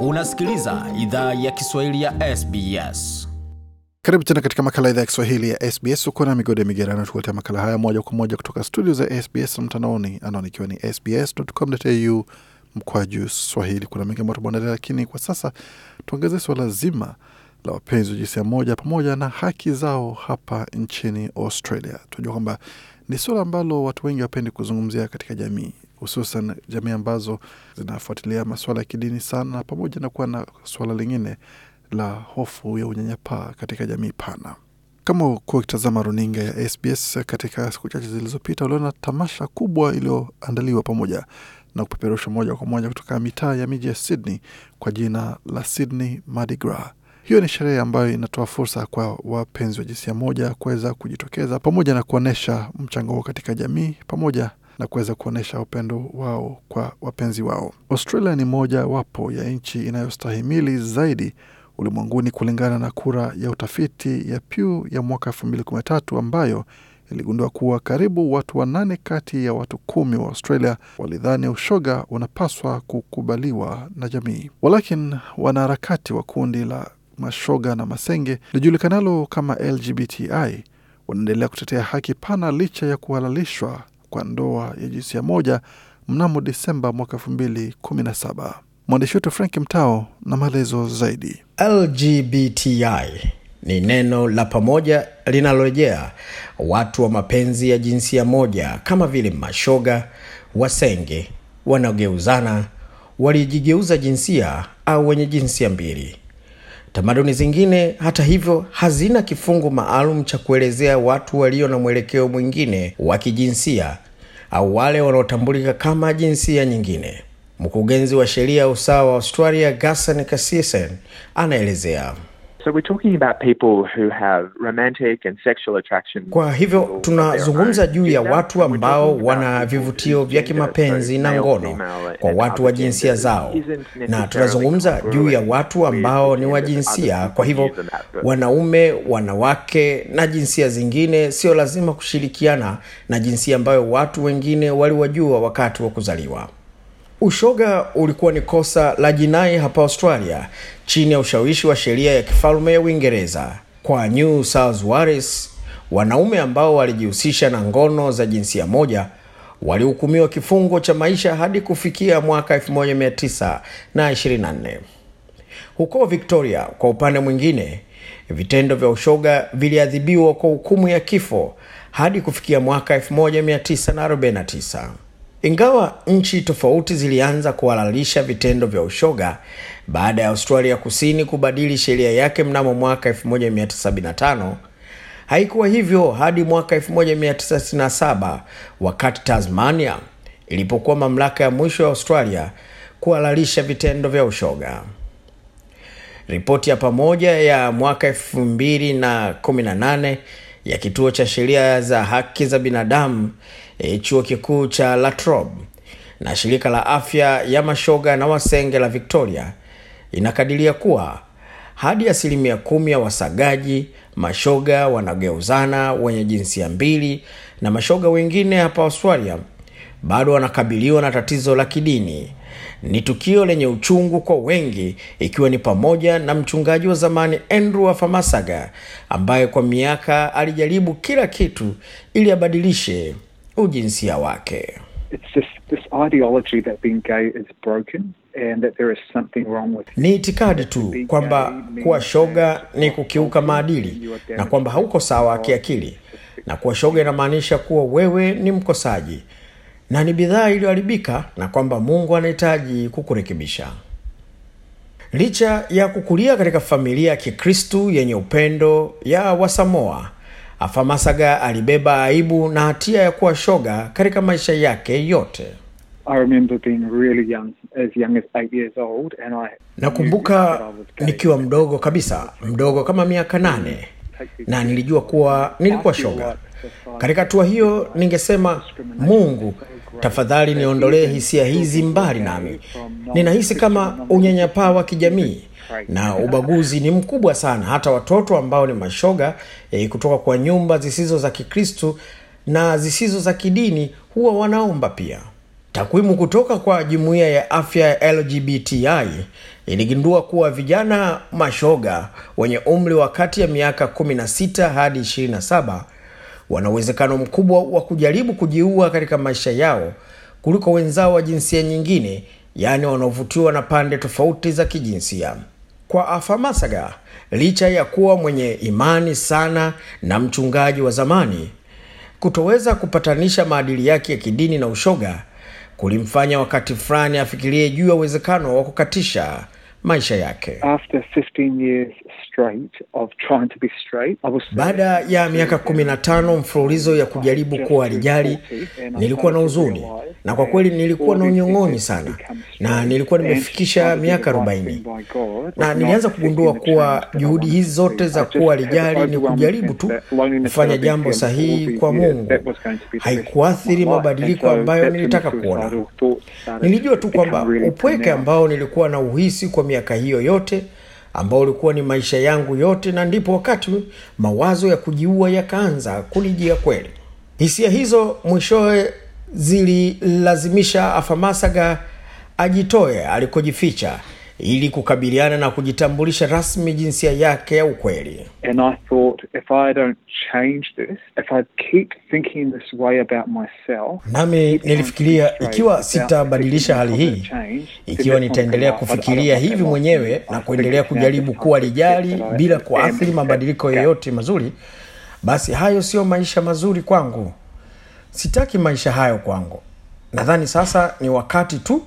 Unasikiliza idhaa ya Kiswahili ya SBS. Karibu tena katika makala idhaa ya Kiswahili ya SBS. na migode migerano, tukuletea makala haya moja kwa moja kutoka studio za SBS na mtandaoni, anaonikiwa ikiwa ni sbs.com.au mkwaju swahili. Kuna mengi ambayo tumeandalia, lakini kwa sasa tuangazie suala zima la wapenzi wa jinsia moja pamoja na haki zao hapa nchini Australia. Tunajua kwamba ni suala ambalo watu wengi wapendi kuzungumzia katika jamii, hususan jamii ambazo zinafuatilia masuala ya kidini sana, pamoja na kuwa na suala lingine la hofu ya unyanyapaa katika jamii pana. Kama kuwa ukitazama runinga ya SBS katika siku chache zilizopita, uliona tamasha kubwa iliyoandaliwa pamoja na kupeperusha moja kwa moja kutoka mitaa ya miji ya Sydney kwa jina la Sydney Mardi Gras. Hiyo ni sherehe ambayo inatoa fursa kwa wapenzi wa jinsia moja kuweza kujitokeza pamoja na kuonyesha mchango wao katika jamii pamoja na kuweza kuonyesha upendo wao kwa wapenzi wao. Australia ni moja wapo ya nchi inayostahimili zaidi ulimwenguni kulingana na kura ya utafiti ya Pew ya mwaka tatu ambayo iligundua kuwa karibu watu wanane kati ya watu kumi wa Australia walidhani ushoga unapaswa kukubaliwa na jamii. Walakin wanaharakati wa kundi la mashoga na masenge lijulikanalo kama LGBTI wanaendelea kutetea haki pana licha ya kuhalalishwa kwa ndoa ya jinsia moja mnamo Desemba mwaka saba. Mwandishi wetu Frank Mtao na maelezo zaidi. LGBTI ni neno la pamoja linalorejea watu wa mapenzi ya jinsia moja kama vile mashoga, wasenge, wanaogeuzana, walijigeuza jinsia au wenye jinsia mbili. Tamaduni zingine hata hivyo hazina kifungu maalum cha kuelezea watu walio na mwelekeo mwingine wa kijinsia au wale wanaotambulika kama jinsia nyingine. Mkurugenzi wa sheria ya usawa wa Australia, Gasan Kasisen, anaelezea So we're talking about people who have romantic and sexual attraction. Kwa hivyo tunazungumza juu ya watu ambao wana vivutio vya kimapenzi na ngono kwa watu wa jinsia zao, na tunazungumza juu ya watu ambao ni wa jinsia, kwa hivyo wanaume, wanawake na jinsia zingine. Sio lazima kushirikiana na jinsia ambayo watu wengine waliwajua wakati wa kuzaliwa. Ushoga ulikuwa ni kosa la jinai hapa Australia chini ya ushawishi wa sheria ya kifalme ya Uingereza. Kwa New South Wales, wanaume ambao walijihusisha na ngono za jinsia moja walihukumiwa kifungo cha maisha hadi kufikia mwaka 1924. Huko Victoria, kwa upande mwingine, vitendo vya ushoga viliadhibiwa kwa hukumu ya kifo hadi kufikia mwaka 1949. Ingawa nchi tofauti zilianza kuhalalisha vitendo vya ushoga baada ya Australia Kusini kubadili sheria yake mnamo mwaka 1975, haikuwa hivyo hadi mwaka 1967 wakati Tasmania ilipokuwa mamlaka ya mwisho ya Australia kuhalalisha vitendo vya ushoga. Ripoti ya pamoja ya mwaka 218 ya Kituo cha Sheria za Haki za Binadamu e, chuo kikuu cha La Trobe na shirika la afya ya mashoga na wasenge la Victoria inakadiria kuwa hadi asilimia kumi ya wasagaji mashoga wanageuzana wenye jinsia mbili na mashoga wengine hapa Australia bado wanakabiliwa na tatizo la kidini. Ni tukio lenye uchungu kwa wengi, ikiwa ni pamoja na mchungaji wa zamani Andrew Afamasaga ambaye kwa miaka alijaribu kila kitu ili abadilishe ujinsia wake. ni itikadi tu kwamba kuwa shoga ni kukiuka maadili na kwamba hauko sawa kiakili, na kuwa shoga inamaanisha kuwa wewe ni mkosaji na ni bidhaa iliyoharibika na kwamba Mungu anahitaji kukurekebisha. Licha ya kukulia katika familia ya Kikristu yenye upendo ya Wasamoa, Afamasaga alibeba aibu na hatia ya kuwa shoga katika maisha yake yote. nakumbuka nikiwa mdogo kabisa, mdogo kama miaka nane, na nilijua kuwa nilikuwa shoga. Katika hatua hiyo, ningesema Mungu, tafadhali niondolee hisia hizi mbali nami. Ninahisi kama unyanyapaa wa kijamii na ubaguzi ni mkubwa sana hata watoto ambao ni mashoga eh, kutoka kwa nyumba zisizo za kikristu na zisizo za kidini huwa wanaomba pia takwimu kutoka kwa jumuiya ya afya ya lgbti eh, iligundua kuwa vijana mashoga wenye umri wa kati ya miaka 16 hadi 27 wana uwezekano mkubwa wa kujaribu kujiua katika maisha yao kuliko wenzao wa jinsia nyingine yaani wanaovutiwa na pande tofauti za kijinsia kwa Afamasaga licha ya kuwa mwenye imani sana na mchungaji wa zamani. Kutoweza kupatanisha maadili yake ya kidini na ushoga kulimfanya wakati fulani afikirie juu ya uwezekano wa kukatisha maisha yake. After 15 years baada ya miaka kumi na tano mfululizo ya kujaribu kuwa alijali, nilikuwa na huzuni na kwa kweli nilikuwa na unyong'onyi sana, na nilikuwa nimefikisha miaka arobaini na nilianza kugundua kuwa juhudi hizi zote za kuwa alijali ni kujaribu tu kufanya jambo sahihi kwa Mungu, haikuathiri mabadiliko ambayo nilitaka kuona. Nilijua tu kwamba upweke ambao nilikuwa na uhisi kwa miaka hiyo yote ambao ulikuwa ni maisha yangu yote na ndipo wakati mawazo ya kujiua yakaanza kunijia kweli hisia hizo mwishowe zililazimisha afamasaga ajitoe alikojificha ili kukabiliana na kujitambulisha rasmi jinsia yake ya ukweli. And I thought if I don't change this, if I keep thinking this way about myself. Nami nilifikiria ikiwa sitabadilisha hali hii, ikiwa nitaendelea kufikiria hivi mwenyewe na kuendelea kujaribu kuwa lijali bila kuathiri mabadiliko yoyote mazuri, basi hayo sio maisha mazuri kwangu. Sitaki maisha hayo kwangu. Nadhani sasa ni wakati tu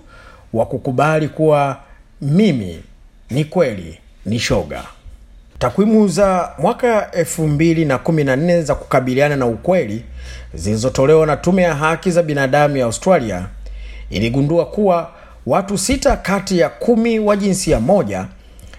wa kukubali kuwa mimi ni kweli ni shoga takwimu za mwaka 214 za kukabiliana na ukweli zilizotolewa na tume ya haki za binadamu ya australia iligundua kuwa watu sita kati ya kumi wa jinsia moja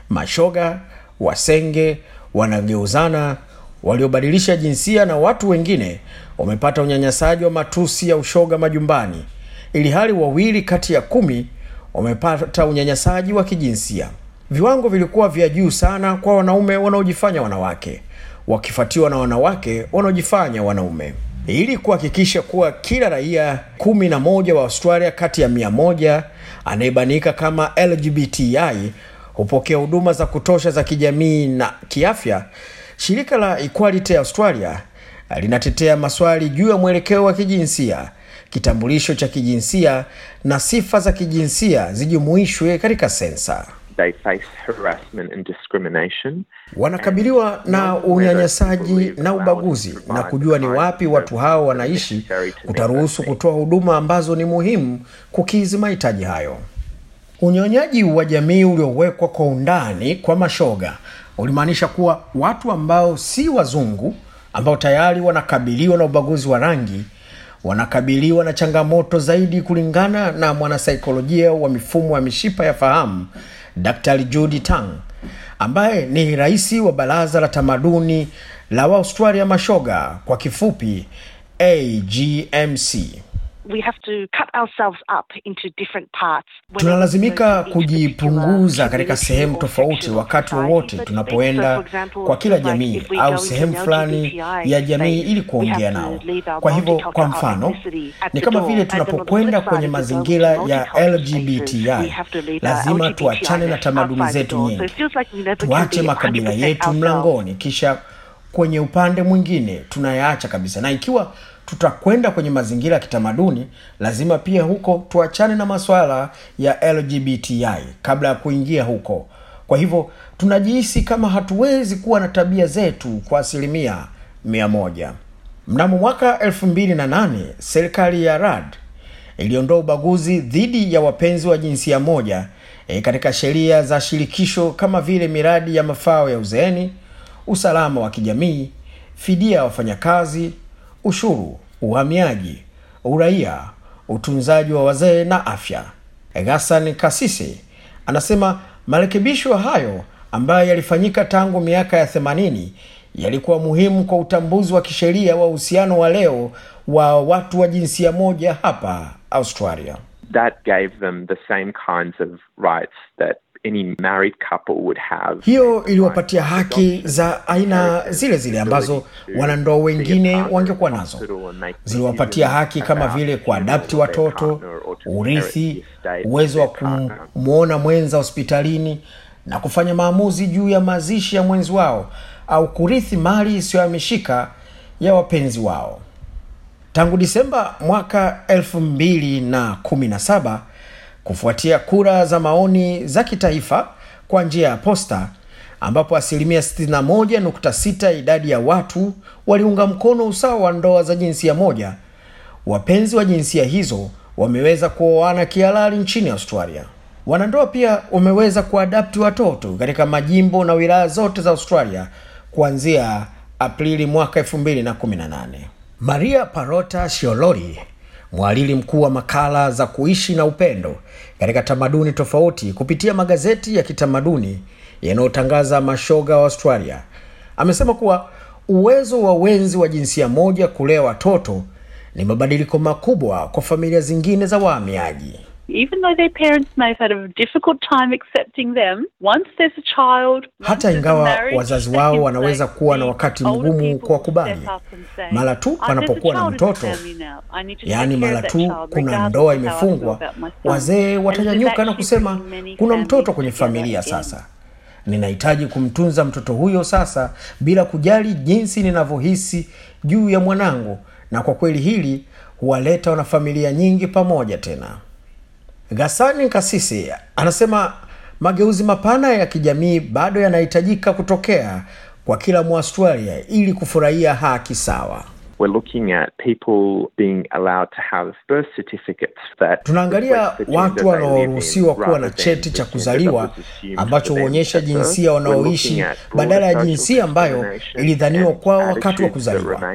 mashoga wasenge wanageuzana waliobadilisha jinsia na watu wengine wamepata unyanyasaji wa matusi ya ushoga majumbani ili hali wawili kati ya kumi wamepata unyanyasaji wa kijinsia. Viwango vilikuwa vya juu sana kwa wanaume wanaojifanya wanawake, wakifuatiwa na wanawake wanaojifanya wanaume. Ili kuhakikisha kuwa kila raia kumi na moja wa Australia kati ya mia moja anayebanika kama LGBTI hupokea huduma za kutosha za kijamii na kiafya, shirika la Equality Australia linatetea maswali juu ya mwelekeo wa kijinsia kitambulisho cha kijinsia na sifa za kijinsia zijumuishwe katika sensa. They face harassment and discrimination. Wanakabiliwa na unyanyasaji na ubaguzi, na kujua ni wapi watu hao wanaishi kutaruhusu kutoa huduma ambazo ni muhimu kukidhi mahitaji hayo. Unyonyaji wa jamii uliowekwa kwa undani kwa mashoga ulimaanisha kuwa watu ambao si wazungu ambao tayari wanakabiliwa na ubaguzi wa rangi wanakabiliwa na changamoto zaidi kulingana na mwanasaikolojia wa mifumo ya mishipa ya fahamu Dr. Judy Tang ambaye ni rais wa baraza la tamaduni la Waustralia mashoga kwa kifupi AGMC. We have to cut ourselves up into different parts. Tunalazimika kujipunguza katika sehemu tofauti wakati wowote tunapoenda kwa kila jamii au sehemu fulani ya jamii ili kuongea nao. Kwa hivyo, kwa mfano, ni kama vile tunapokwenda kwenye mazingira ya LGBTI, lazima tuachane na tamaduni zetu nyingi, tuache makabila yetu mlangoni, kisha kwenye upande mwingine tunayaacha kabisa, na ikiwa tutakwenda kwenye mazingira ya kitamaduni lazima pia huko tuachane na maswala ya lgbti kabla ya kuingia huko kwa hivyo tunajihisi kama hatuwezi kuwa na tabia zetu kwa asilimia 1 mnamo mwaka 28 serikali ya rad iliondoa ubaguzi dhidi ya wapenzi wa jinsia moja e, katika sheria za shirikisho kama vile miradi ya mafao ya uzeeni usalama wa kijamii fidia ya wafanyakazi ushuru, uhamiaji, uraia, utunzaji wa wazee na afya. Gassan Kasisi anasema marekebisho hayo ambayo yalifanyika tangu miaka ya themanini yalikuwa muhimu kwa utambuzi wa kisheria wa uhusiano wa leo wa watu wa jinsia moja hapa Australia. That gave them the same kinds of rights that any married couple would have. Hiyo iliwapatia haki za aina zile zile ambazo wanandoa wengine wangekuwa nazo, ziliwapatia haki kama vile kuadapti watoto, urithi, uwezo wa kumwona mwenza hospitalini na kufanya maamuzi juu ya mazishi ya mwenzi wao au kurithi mali isiyohamishika ya wapenzi wao. Tangu Disemba mwaka 217 kufuatia kura za maoni za kitaifa kwa njia ya posta ambapo asilimia 61.6 idadi ya watu waliunga mkono usawa wa ndoa za jinsia moja. Wapenzi wa jinsia hizo wameweza kuoana kihalali nchini Australia. Wanandoa pia wameweza kuadapti watoto katika majimbo na wilaya zote za Australia kuanzia Aprili mwaka 2018. Maria Parota Shiolori mwalili mkuu wa makala za kuishi na upendo katika tamaduni tofauti kupitia magazeti ya kitamaduni yanayotangaza mashoga wa Australia, amesema kuwa uwezo wa wenzi wa jinsia moja kulea watoto ni mabadiliko makubwa kwa familia zingine za wahamiaji hata ingawa wazazi wao wanaweza kuwa na wakati mgumu kwa kubali mara tu wanapokuwa ah, na mtoto, yaani mara tu kuna ndoa imefungwa, wazee watanyanyuka na kusema kuna mtoto kwenye familia sasa ninahitaji kumtunza mtoto huyo sasa, bila kujali jinsi ninavyohisi juu ya mwanangu. Na kwa kweli hili huwaleta wanafamilia nyingi pamoja tena. Gasani Kasisi anasema mageuzi mapana ya kijamii bado yanahitajika kutokea kwa kila Mwaustralia ili kufurahia haki sawa. Tunaangalia watu wanaoruhusiwa kuwa na cheti cha kuzaliwa ambacho huonyesha jinsia wanaoishi badala ya jinsia ambayo ilidhaniwa kwao wakati wa kuzaliwa.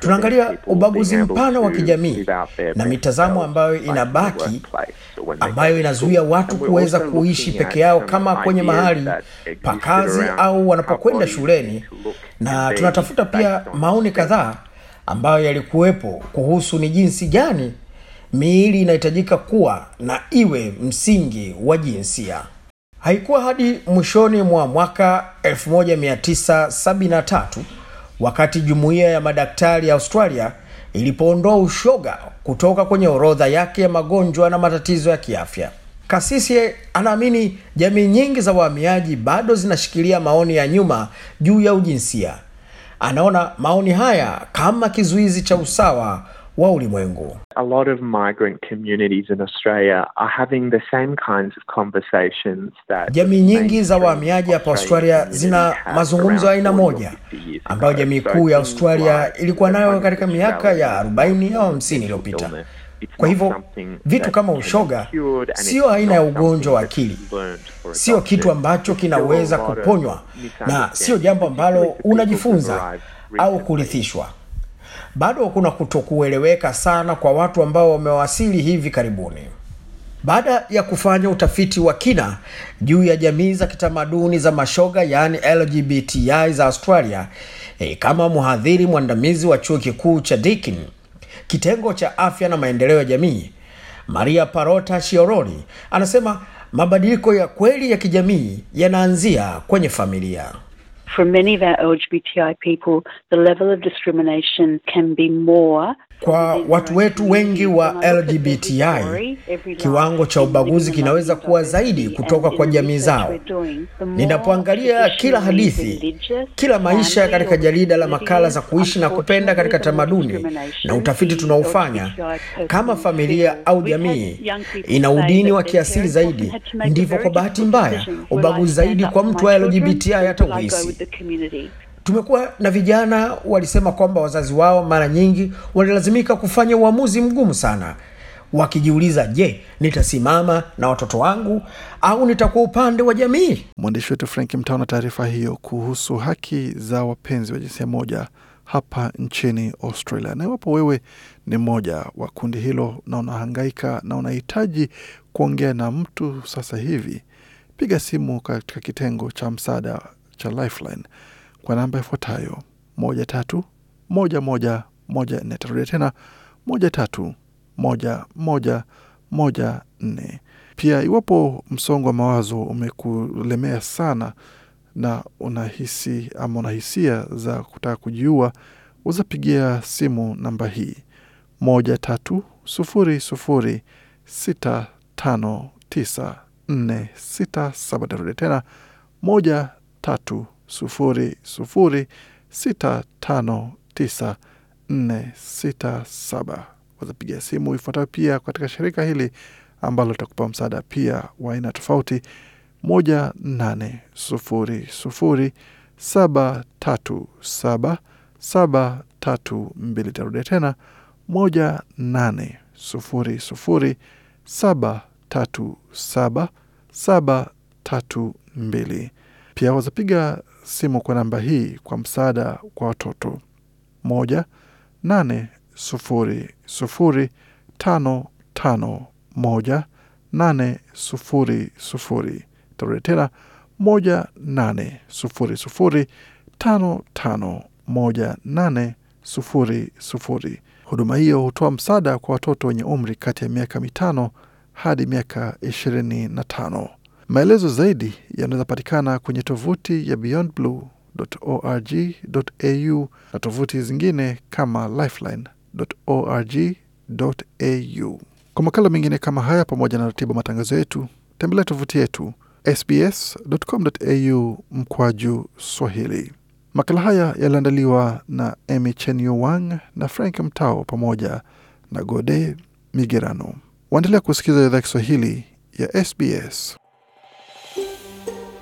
Tunaangalia ubaguzi mpana wa kijamii na mitazamo ambayo inabaki, ambayo inazuia watu kuweza kuishi peke yao, kama kwenye mahali pa kazi au wanapokwenda shuleni, na tunatafuta pia maoni kadhaa ambayo yalikuwepo kuhusu ni jinsi gani miili inahitajika kuwa na iwe msingi wa jinsia. Haikuwa hadi mwishoni mwa mwaka 1973 wakati jumuiya ya madaktari ya Australia ilipoondoa ushoga kutoka kwenye orodha yake ya magonjwa na matatizo ya kiafya. Kasisi anaamini jamii nyingi za wahamiaji bado zinashikilia maoni ya nyuma juu ya ujinsia anaona maoni haya kama kizuizi cha usawa wa ulimwengu. A lot of migrant communities in Australia are having the same kinds of conversations that jamii nyingi za wahamiaji hapa Australia zina mazungumzo ya aina moja ambayo jamii kuu ya Australia ilikuwa nayo katika miaka ya 40 au 50 iliyopita. Kwa hivyo vitu kama ushoga sio aina ya ugonjwa wa akili, sio kitu ambacho kinaweza kuponywa na sio jambo ambalo unajifunza au kurithishwa. Bado kuna kutokueleweka sana kwa watu ambao wamewasili hivi karibuni. Baada ya kufanya utafiti wa kina juu ya jamii za kitamaduni za mashoga yaani LGBTI za Australia, e, kama mhadhiri mwandamizi wa chuo kikuu cha dikin kitengo cha afya na maendeleo ya jamii, Maria Parota Shioroli anasema mabadiliko ya kweli ya kijamii yanaanzia kwenye familia. Kwa watu wetu wengi wa LGBTI, kiwango cha ubaguzi kinaweza kuwa zaidi kutoka kwa jamii zao. Ninapoangalia kila hadithi, kila maisha katika jarida la makala za kuishi na kupenda katika tamaduni na utafiti tunaofanya kama familia au jamii ina udini wa kiasili zaidi, ndivyo kwa bahati mbaya ubaguzi zaidi kwa mtu wa LGBTI hata uhisi the community. Tumekuwa na vijana walisema kwamba wazazi wao mara nyingi walilazimika kufanya uamuzi mgumu sana, wakijiuliza je, nitasimama na watoto wangu au nitakuwa upande wa jamii? Mwandishi wetu Frank Mtao na taarifa hiyo kuhusu haki za wapenzi wa jinsia moja hapa nchini Australia. Na iwapo wewe ni mmoja wa kundi hilo na unahangaika na unahitaji kuongea na mtu sasa hivi, piga simu katika kitengo cha msaada cha Lifeline kwa namba ifuatayo moja tatu moja moja moja nne. Tarudia tena moja tatu moja moja moja nne. Pia iwapo msongo wa mawazo umekulemea sana na unahisi ama una hisia za kutaka kujiua, uzapigia simu namba hii moja tatu sufuri sufuri sita tano tisa nne sita saba. Tarudia tena moja tatu sufuri sufuri sita tano tisa nne sita saba. Wazapiga simu ifuatayo pia katika shirika hili ambalo litakupa msaada pia wa aina tofauti: moja nane sufuri sufuri saba tatu saba saba tatu mbili. Tarudia tena moja nane sufuri sufuri saba tatu saba saba tatu mbili. Pia wazapiga simu kwa namba hii kwa msaada kwa watoto moja nane sufuri sufuri tano tano moja nane sufuri sufuri. Tarudi tena moja nane sufuri sufuri tano tano moja nane sufuri sufuri. Huduma hiyo hutoa msaada kwa watoto wenye umri kati ya miaka mitano hadi miaka ishirini na tano. Maelezo zaidi yanawezapatikana kwenye tovuti ya beyondblue.org.au na tovuti zingine kama lifeline.org.au. Kwa makala mengine kama haya, pamoja na ratiba matangazo yetu, tembelea tovuti yetu sbs.com.au mkwaju Swahili. Makala haya yaliandaliwa na Emy Chenyo Wang na Frank Mtao pamoja na Gode Migerano. Waendelea kusikiliza idhaa Kiswahili ya SBS.